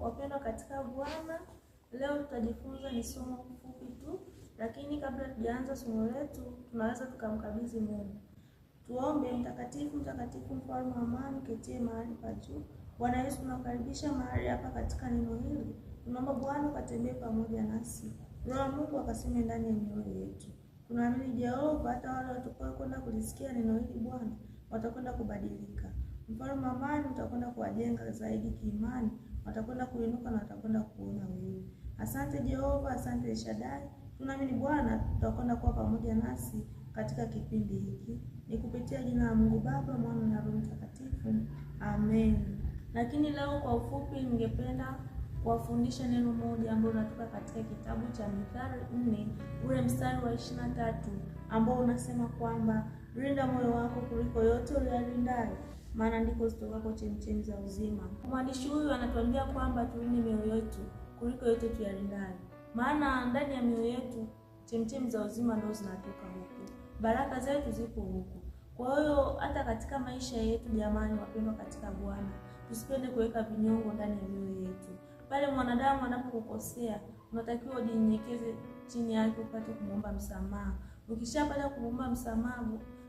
Wapendwa katika Bwana, leo tutajifunza ni somo fupi tu, lakini kabla tujaanza somo letu, tunaweza tukamkabidhi Mungu. Tuombe. Mtakatifu, mtakatifu, mfalme wa amani, ketie mahali pa juu. Bwana Yesu, tunakaribisha mahali hapa katika neno hili, tunaomba Bwana ukatembee pamoja nasi, Roho Mungu akaseme ndani ya mioyo yetu. Tunaamini Jehova, hata wale watakao kwenda kulisikia neno hili Bwana watakwenda kubadilika. Mfalme wa amani, utakwenda kuwajenga zaidi kiimani watakwenda kuinuka na watakwenda kuona wewe. Asante Jehova, asante Shaddai. Tunaamini Bwana tutakwenda kuwa pamoja nasi katika kipindi hiki, ni kupitia jina la Mungu Baba, Mwana na Roho Mtakatifu, amen. Lakini leo kwa ufupi, ningependa kuwafundisha neno moja ambalo unatoka katika kitabu cha Mithali nne ule mstari wa ishirini na tatu ambao unasema kwamba rinda moyo wako kuliko yote uliyarindayo maana ndiko zitokako chemchemi za uzima. Mwandishi huyu anatuambia kwamba tulinde mioyo yetu kuliko yote tuyalindayo, maana ndani ya mioyo yetu chemchemi za uzima ndio zinatoka huko, baraka zetu zipo huko. Kwa hiyo hata katika maisha yetu, jamani wapendwa katika Bwana, tusipende kuweka vinyongo ndani ya mioyo yetu. Pale mwanadamu anapokukosea, unatakiwa ujinyenyekeze chini yake upate kumwomba msamaha. Ukishapata kumwomba msamaha,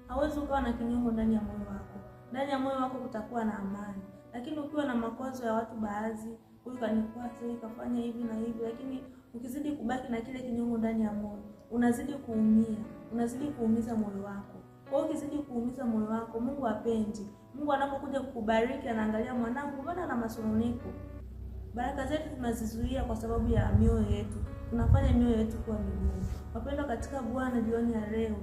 hauwezi ukawa na kinyongo ndani ya moyo wako ndani ya moyo wako kutakuwa na amani. Lakini ukiwa na makwazo ya watu baadhi, huyu kanikwaza, kafanya hivi na hivi, lakini ukizidi kubaki na kile kinyongo ndani ya moyo, unazidi kuumia, unazidi kuumiza moyo wako. Kwa hiyo ukizidi kuumiza moyo wako, Mungu apendi. Mungu anapokuja kukubariki anaangalia, mwanangu, mbona na masononeko? Baraka zetu tunazizuia kwa sababu ya mioyo yetu, tunafanya mioyo yetu kuwa migumu. Wapendwa katika Bwana, jioni ya leo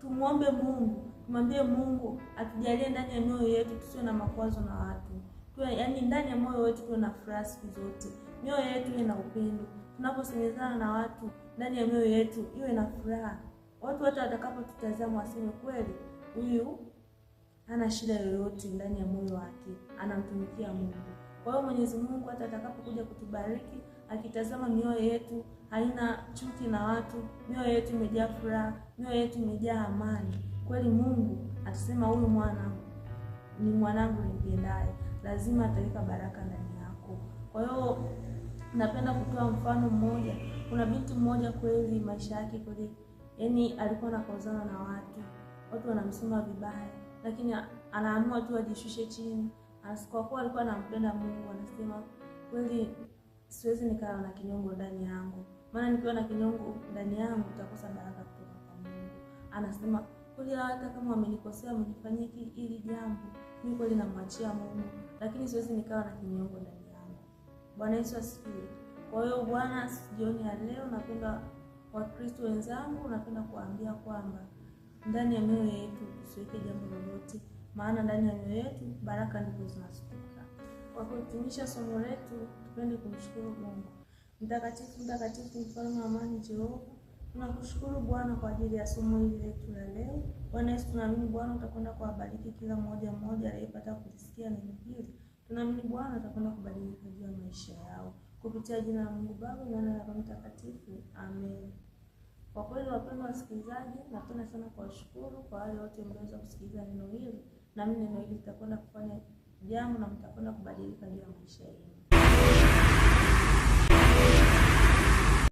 tumwombe Mungu tumwambie Mungu atujalie ndani ya mioyo yetu tusiwe na makwazo na watu tuwe, yani ndani ya moyo wetu tuwe na furaha siku zote, mioyo yetu iwe na upendo. Tunaposemezana na watu, ndani ya mioyo yetu iwe na furaha. Watu hata watakapotutazama waseme, kweli huyu hana shida yoyote ndani ya moyo wake, anamtumikia Mungu. Kwa hiyo Mwenyezi Mungu hata atakapokuja kutubariki, akitazama mioyo yetu haina chuki na watu, mioyo yetu imejaa furaha, mioyo yetu imejaa amani. Kweli Mungu atasema huyu mwana ni mwanangu nimpendaye, lazima ataweka baraka ndani yako. Kwa hiyo napenda kutoa mfano mmoja. Kuna binti mmoja kweli, maisha yake kweli, yani alikuwa anakozana na watu, watu wanamsema vibaya, lakini anaamua tu ajishushe chini, kwa kuwa alikuwa anampenda Mungu. Anasema kweli, siwezi nikawa na kinyongo ndani yangu, maana nikiwa na kinyongo ndani yangu nitakosa baraka kutoka kwa Mungu. Anasema kulia, hata kama wamenikosea wamenifanyia hili jambo, mimi kweli namwachia Mungu, lakini siwezi nikawa na kinyongo ndani yangu. Bwana Yesu asifiwe. Kwa hiyo Bwana, jioni ya leo napenda Wakristo wenzangu, napenda kuambia kwamba ndani ya mioyo yetu tusiweke jambo lolote, maana ndani ya mioyo yetu baraka ndivyo zinasukuka. Kwa kuhitimisha somo letu, tupende kumshukuru Mungu mtakatifu, mtakatifu, mfalme wa amani, Jehova Tunakushukuru Bwana kwa ajili ya somo hili letu la leo. Bwana Yesu, tunaamini Bwana utakwenda kuwabariki kila mmoja mmoja aliyepata kusikia neno hili. Tunaamini Bwana utakwenda kubadilika juu ya maisha yao kupitia jina la Mungu Baba, Mwana na Roho Mtakatifu, amen. Kwa kweli, wapendwa wasikilizaji, napenda sana kuwashukuru kwa wale wote mlioweza kusikiliza neno hili, na mimi neno hili litakwenda kufanya jambo na mtakwenda kubadilika juu ya maisha yenu.